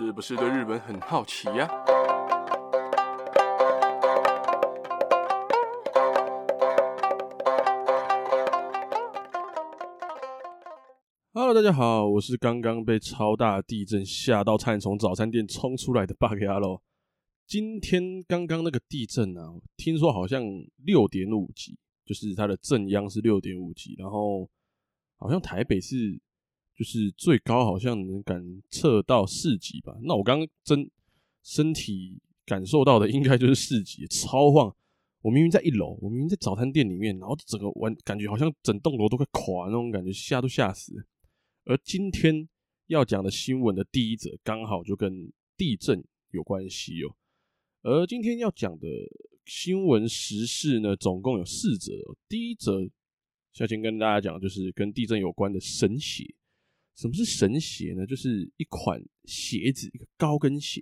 是不是對日本很好奇呀？哈嘍，Hello, 大家好，我是剛剛被超大地震嚇到，差點從早餐店衝出來的八嘎呀路。今天剛剛那個地震呢、啊，聽說好像六點五級，就是它的震央是六點五級，然後好像台北是。就是最高好像能感測到四級吧？那我剛剛真身體感受到的應該就是四級，超晃！我明明在一樓，我明明在早餐店裡面，然後整個完感覺好像整棟樓都快垮那種感覺，嚇都嚇死。而今天要講的新聞的第一則剛好就跟地震有關係哦、喔。而今天要講的新聞時事呢，總共有四則、喔。第一則，先跟大家講，就是跟地震有關的神鞋什麼是神鞋呢？就是一款鞋子，一個高跟鞋。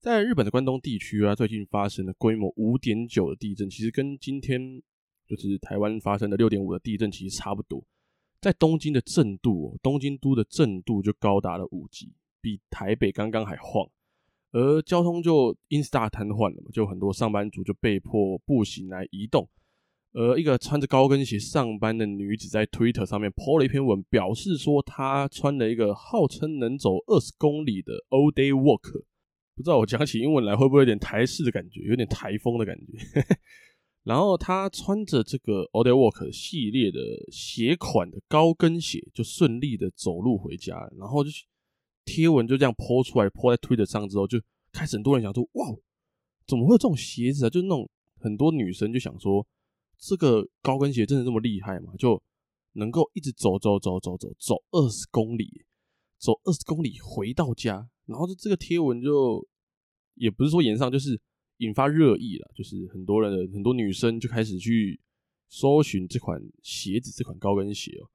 在日本的關東地區啊，最近發生的規模五點九的地震，其實跟今天就是台灣發生的六點五的地震其實差不多。在東京的震度，東京都的震度就高達了五級，比台北剛剛還晃。而交通就因此大癱瘓了嘛，就很多上班族就被迫步、步行來移動。而、呃、一個穿着高跟鞋上班的女子在 Twitter 上面 po 了一篇文，表示說她穿了一個號稱能走二十公里的 All Day Walk，不知道我講起英文來會不會有點台式的感覺，有點台風的感覺。嘿嘿。然後她穿着這個 All Day Walk 系列的鞋款的高跟鞋，就順利的走路回家。然後就貼文就這樣 po 出來，po 在 Twitter 上之後，就開始很多人想說：哇，怎麼會有這種鞋子啊？就那種很多女生就想說。這個高跟鞋真的這麼厲害嗎？就能夠一直走走走走走走二十公里，走二十公里回到家，然後就這個貼文就也不是說炎上，就是引發熱議了，就是很多人很多女生就開始去搜尋這款鞋子，這款高跟鞋哦。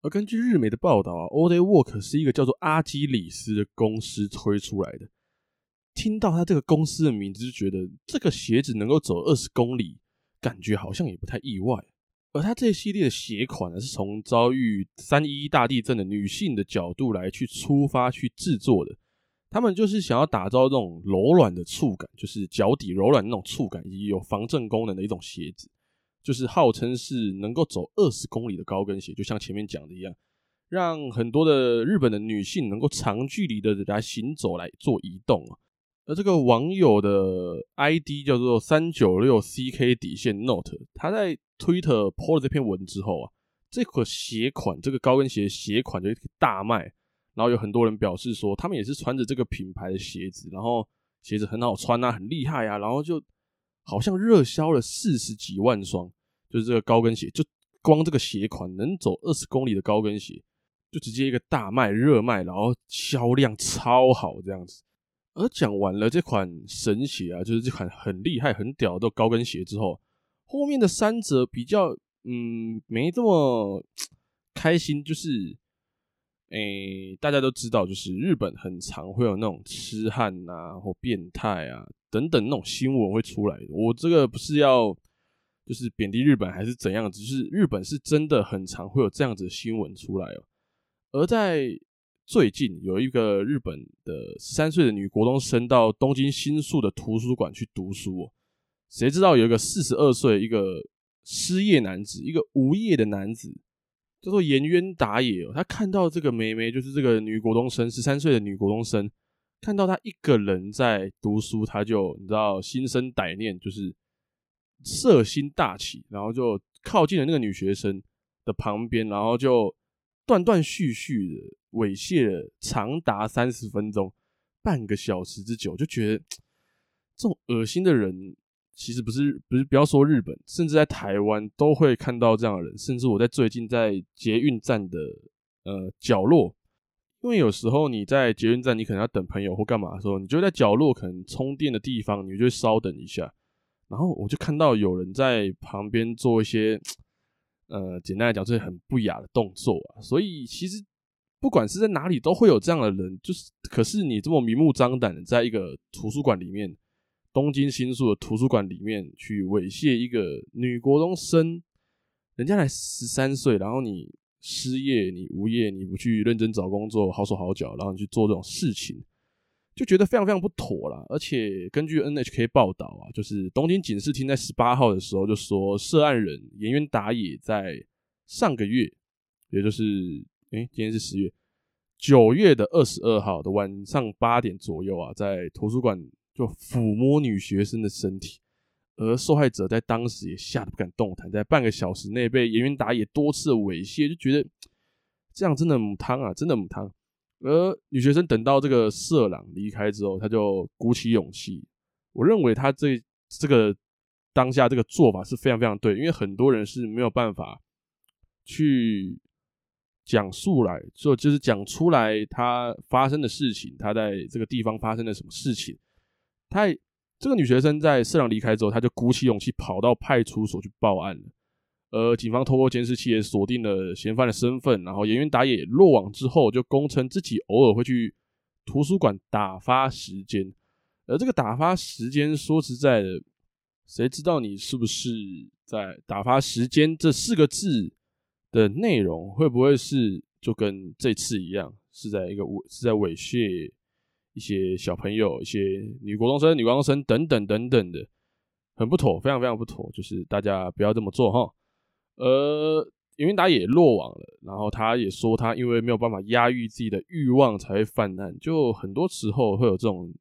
而根據日媒的報道啊，All Day Walk 是一個叫做阿基里斯的公司推出來的。聽到他這個公司的名字就覺得這個鞋子能夠走二十公里。感覺好像也不太意外，而他這一系列的鞋款呢，是從遭遇三一一大地震的女性的角度來去出發去製作的。他們就是想要打造這種柔軟的觸感，就是腳底柔軟那種觸感，以及有防震功能的一種鞋子，就是號稱是能夠走二十公里的高跟鞋。就像前面講的一樣，讓很多的日本的女性能夠長距離的來行走來做移動啊。而這個網友的 ID 叫做三九六 ck 底線 note，他在 Twitter 潑了這篇文之後啊，這個鞋款，這個高跟鞋鞋款就一大賣，然後有很多人表示說，他們也是穿着這個品牌的鞋子，然後鞋子很好穿啊，很厲害啊，然後就好像熱銷了四十幾萬雙，就是這個高跟鞋，就光這個鞋款能走二十公里的高跟鞋，就直接一個大賣熱賣，然後銷量超好這樣子。而講完了這款神鞋啊，就是這款很厲害、很屌的高跟鞋之後，後面的三者比較，嗯，沒這麼嘖，開心。就是，誒、欸，大家都知道，就是日本很常會有那種痴漢啊或變態啊等等那種新聞會出來。我這個不是要就是貶低日本還是怎樣，只是日本是真的很常會有這樣子的新聞出來哦、喔。而在最近有一個日本的十三歲的女國中生到東京新宿的圖書館去讀書、喔，誰知道有一個四十二歲一個失業男子，一個無業的男子叫做岩淵打野哦，他看到這個妹妹，就是這個女國中生十三歲的女國中生，看到她一個人在讀書，他就你知道心生歹念，就是色心大起，然後就靠近了那個女學生的旁邊，然後就斷斷續續的。猥褻了長達三十分鐘，半個小時之久，就覺得這種噁心的人，其實不是不是不要說日本，甚至在台灣都會看到這樣的人。甚至我在最近在捷運站的呃角落，因為有時候你在捷運站，你可能要等朋友或幹嘛的時候，你就在角落可能充電的地方，你就會稍等一下。然後我就看到有人在旁邊做一些呃，簡單來講，是很不雅的動作啊。所以其實。不管是在哪裡都會有這樣的人，就是可是你這麼明目張膽的，在一個圖書館裡面，東京新宿的圖書館裡面去猥褻一個女國中生，人家才十三歲，然後你失業，你無業，你不去認真找工作，好手好腳，然後你去做這種事情，就覺得非常非常不妥啦。而且根據 NHK 報道啊，就是東京警視廳在十八號的時候就說，涉案人岩淵達也在上個月，也就是。誒、欸，今天是十月九月的二十二號的晚上八點左右啊，在圖書館就撫摸女學生的身體，而受害者在當時也嚇得不敢動彈，在半個小時內被嚴雲達也多次的猥褻，就覺得這樣真的母湯啊，真的母湯。而女學生等到這個色狼離開之後，她就鼓起勇氣。我認為她這這個當下這個做法是非常非常對，因為很多人是沒有辦法去。講述來，就就是講出來，他發生的事情，他在這個地方發生了什麼事情。他這個女學生在社長離開之後，她就鼓起勇氣跑到派出所去報案了。呃，警方透過監視器也鎖定了嫌犯的身份，然後演員打野落網之後，就供稱自己偶爾會去圖書館打發時間。而、呃、這個打發時間，說實在的，誰知道你是不是在打發時間？這四個字。的內容會不會是就跟這次一樣，是在一個猥是在猥褻一些小朋友、一些女高中生、女高中生等等等等的，很不妥，非常非常不妥，就是大家不要這麼做哈。而，嚴雲達也落網了，然後他也說他因為沒有辦法壓抑自己的慾望才會犯案。就很多時候會有這種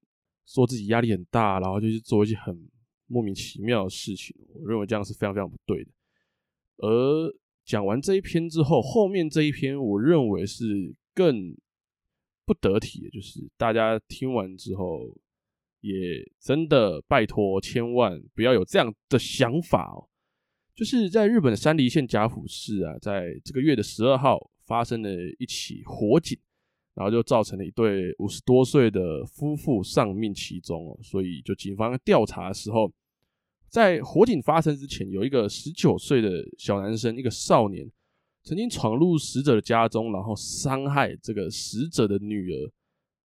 說自己壓力很大，然後就是做一些很莫名其妙的事情，我認為這樣是非常非常不對的，而。講完這一篇之後，後面這一篇我認為是更不得體的，就是大家聽完之後也真的拜託千萬不要有這樣的想法哦。就是在日本的山梨縣甲府市啊，在這個月的十二號發生了一起火警，然後就造成了一對五十多歲的夫婦喪命其中哦，所以就警方調查的時候。在火警發生之前，有一個十九歲的小男生，一個少年，曾經闖入死者的家中，然後傷害這個死者的女兒。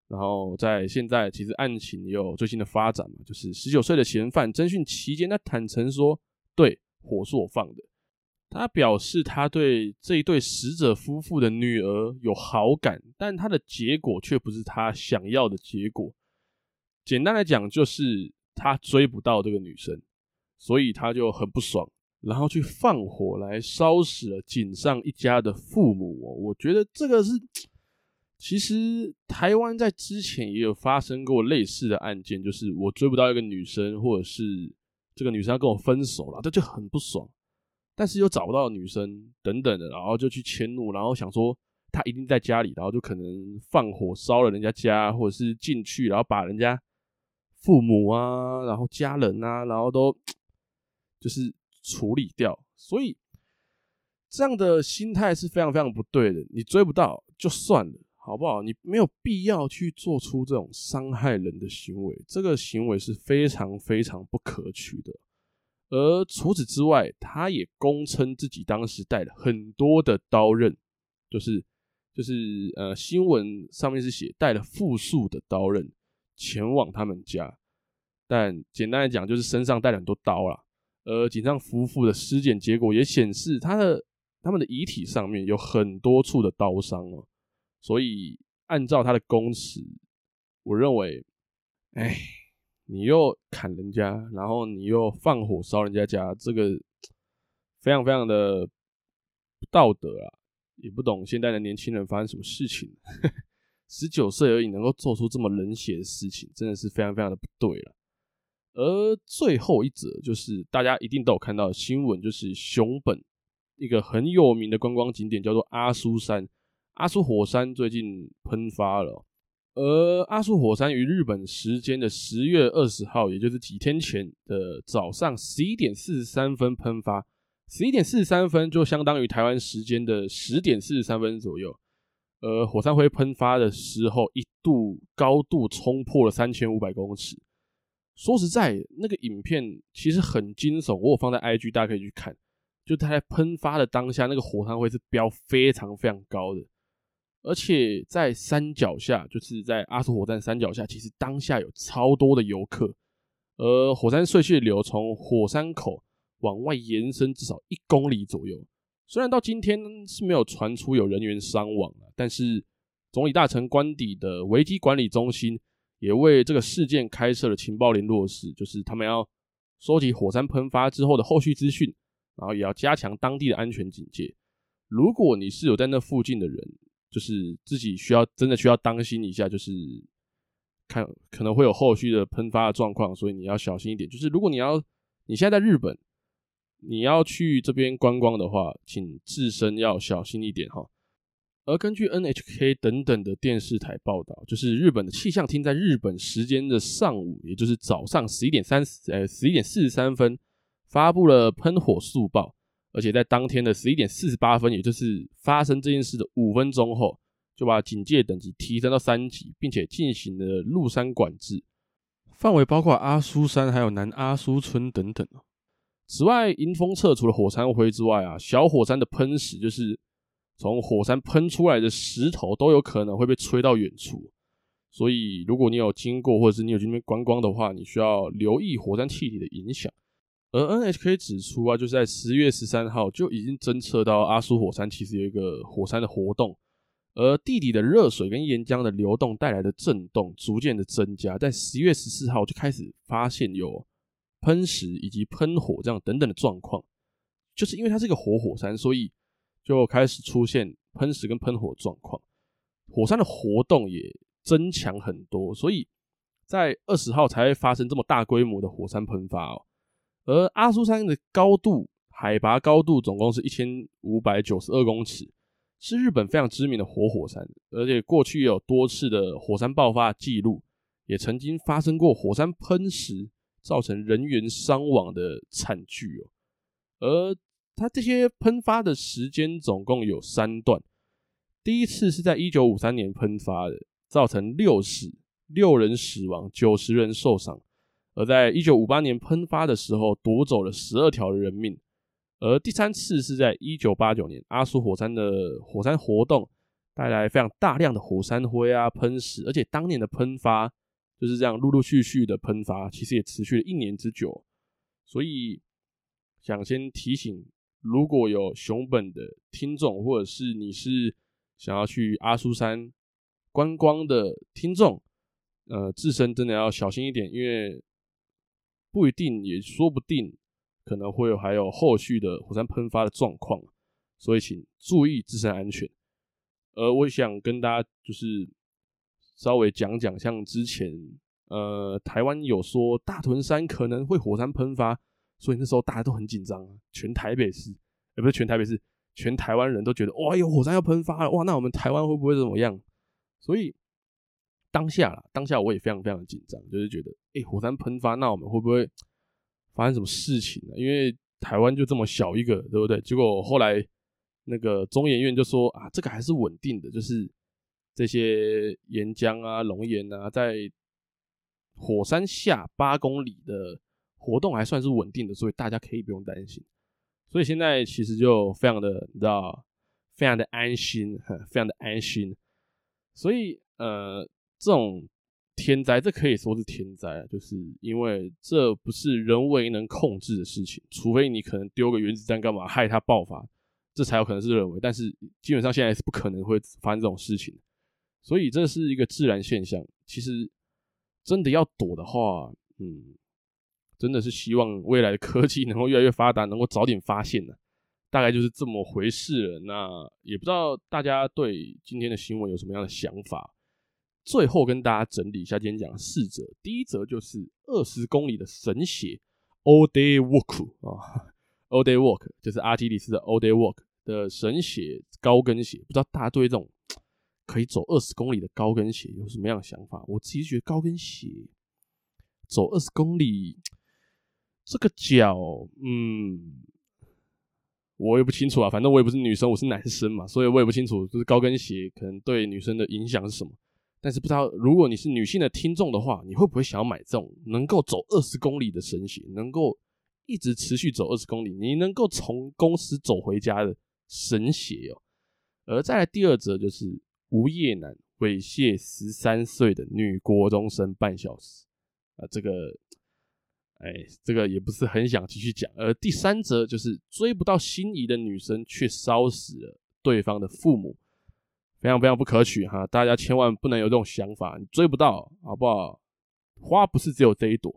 然後在現在，其實案情也有最新的發展嘛，就是十九歲的嫌犯偵訊期間，他坦承說，對，火是我放的。他表示他對這一對死者夫婦的女兒有好感，但他的結果卻不是他想要的結果。簡單來講，就是他追不到這個女生。所以他就很不爽，然後去放火來燒死了井上一家的父母哦。我覺得這個是，其實臺灣在之前也有發生過類似的案件，就是我追不到一個女生，或者是這個女生要跟我分手了，他就很不爽，但是又找不到女生等等的，然後就去遷怒，然後想說他一定在家裡，然後就可能放火燒了人家家，或者是進去，然後把人家父母啊，然後家人啊，然後都。就是處理掉，所以這樣的心態是非常非常不對的。你追不到就算了，好不好？你沒有必要去做出這種傷害人的行為，這個行為是非常非常不可取的。而除此之外，他也供稱自己當時帶了很多的刀刃，就是就是呃，新聞上面是寫帶了複數的刀刃前往他們家，但簡單來講，就是身上帶了很多刀啦。呃，井上夫婦的屍檢結果也顯示，他的他們的遺體上面有很多處的刀傷哦、啊。所以按照他的供詞，我認為，哎，你又砍人家，然後你又放火燒人家家，這個非常非常的不道德啊！也不懂現在的年輕人發生什麼事情，十九歲而已，能夠做出這麼冷血的事情，真的是非常非常的不對了。而最後一則就是大家一定都有看到的新聞，就是熊本一個很有名的觀光景點叫做阿蘇山，阿蘇火山最近噴發了喔。而阿蘇火山於日本時間的十月二十號，也就是幾天前的早上十一點四十三分噴發，十一點四十三分就相當於台灣時間的十點四十三分左右。而火山灰噴發的時候，一度高度衝破了三千五百公尺。說實在，那個影片其實很驚悚。我有放在 IG，大家可以去看。就它在噴發的當下，那個火山灰是飆非常非常高的。而且在山腳下，就是在阿蘇火山山腳下，其實當下有超多的遊客。而火山碎屑流從火山口往外延伸至少一公里左右。雖然到今天是沒有傳出有人員傷亡，但是總理大臣官邸的危機管理中心。也為這個事件開設了情報聯絡室，就是他們要收集火山噴發之後的後續資訊，然後也要加強當地的安全警戒。如果你是有在那附近的人，就是自己需要真的需要當心一下，就是看可能會有後續的噴發的狀況，所以你要小心一點。就是如果你要你現在在日本，你要去這邊觀光的話，請自身要小心一點哈。而根據 NHK 等等的電視台報道，就是日本的氣象廳在日本時間的上午，也就是早上十一點三十，呃十一點四十三分，發布了噴火速報。而且在當天的十一點四十八分，也就是發生這件事的五分鐘後，就把警戒等級提升到三級，並且進行了入山管制，範圍包括阿蘇山還有南阿蘇村等等。此外，迎風側除了火山灰之外啊，小火山的噴石就是。從火山噴出來的石頭都有可能會被吹到遠處，所以如果你有經過或者是你有去那邊觀光的話，你需要留意火山氣體的影響。而 NHK 指出啊，就是在十月十三號就已經偵測到阿蘇火山其實有一個火山的活動，而地底的熱水跟岩漿的流動帶來的震動逐漸的增加，在十月十四號就開始發現有噴石以及噴火這樣等等的狀況，就是因為它是一個活火山，所以。就開始出現噴石跟噴火狀況，火山的活動也增強很多，所以在二十號才會發生這麼大規模的火山噴發哦、喔。而阿蘇山的高度海拔高度總共是一千五百九十二公尺，是日本非常知名的活火、火山，而且過去也有多次的火山爆發記錄，也曾經發生過火山噴石造成人員傷亡的慘劇哦，而。它這些噴發的時間總共有三段，第一次是在一九五三年噴發的，造成六死六人死亡，九十人受傷；而在一九五八年噴發的時候，奪走了十二條人命；而第三次是在一九八九年阿蘇火山的火山活動帶來非常大量的火山灰啊噴石，而且當年的噴發就是這樣陸陸續續的噴發，其實也持續了一年之久，所以想先提醒。如果有熊本的聽眾，或者是你是想要去阿蘇山觀光的聽眾，呃，自身真的要小心一點，因為不一定，也說不定可能會有還有後續的火山噴發的狀況，所以請注意自身安全。而我想跟大家就是稍微講講，像之前呃台灣有說大屯山可能會火山噴發。所以那時候大家都很緊張啊，全台北市，也、欸、不是全台北市，全台灣人都覺得，哇、哦，有、哎、火山要噴發了，哇，那我們台灣會不會怎麼樣？所以當下啦，當下我也非常非常的緊張，就是覺得，哎、欸，火山噴發，那我們會不會發生什麼事情呢、啊？因為台灣就這麼小一個，對不對？結果後來那個中研院就說，啊，這個還是穩定的，就是這些岩漿啊、熔岩啊，在火山下八公里的。活動還算是穩定的，所以大家可以不用擔心。所以現在其實就非常的，你知道，非常的安心，非常的安心。所以，呃，這種天災，這可以說是天災，就是因為這不是人為能控制的事情，除非你可能丟個原子彈幹嘛，害它爆發，這才有可能是人為。但是基本上現在是不可能會發生這種事情。所以這是一個自然現象，其實真的要躲的話，嗯。真的是希望未來的科技能夠越來越發達，能夠早點發現呢、啊。大概就是這麼回事了。那也不知道大家對今天的新聞有什麼樣的想法。最後跟大家整理一下今天講的四則，第一則就是二十公里的神鞋，All Day Walk 啊，All Day Walk 就是阿基里斯的 All Day Walk 的神鞋高跟鞋。不知道大家對這種可以走二十公里的高跟鞋有什麼樣的想法？我自己覺得高跟鞋走二十公里。這個腳，嗯，我也不清楚啊。反正我也不是女生，我是男生嘛，所以我也不清楚，就是高跟鞋可能對女生的影響是什麼。但是不知道，如果你是女性的聽眾的話，你會不會想要買這種能夠走二十公里的神鞋，能夠一直持續走二十公里，你能夠從公司走回家的神鞋哦、喔？而再來第二則就是，無業男猥褻十三歲的女國中生半小時，啊，這個。哎，欸、這個也不是很想繼續講。而第三則就是追不到心儀的女生，卻燒死了對方的父母，非常非常不可取哈！大家千萬不能有這種想法，你追不到，好不好？花不是只有這一朵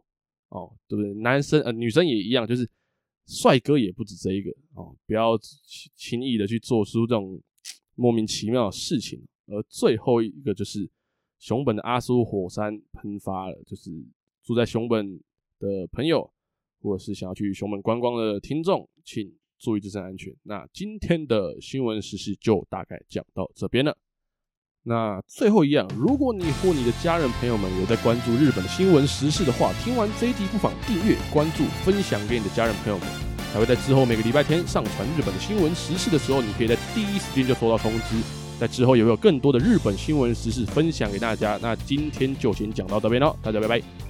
哦、喔，對不對？男生呃，女生也一樣，就是帥哥也不止這一個哦、喔，不要輕易的去做出這種莫名其妙的事情。而最後一個就是熊本的阿蘇火山噴發了，就是住在熊本，的朋友，或者是想要去熊本觀光的聽眾，請注意自身安全。那今天的新聞時事就大概講到這邊了。那最後一樣，如果你或你的家人朋友們有在關注日本的新聞時事的話，聽完這一集不妨訂閱、關注、分享給你的家人朋友們，還會在之後每個禮拜天上傳日本的新聞時事的時候，你可以在第一時間就收到通知。在之後也會有更多的日本新聞時事分享給大家。那今天就先講到這邊嘍，大家拜拜。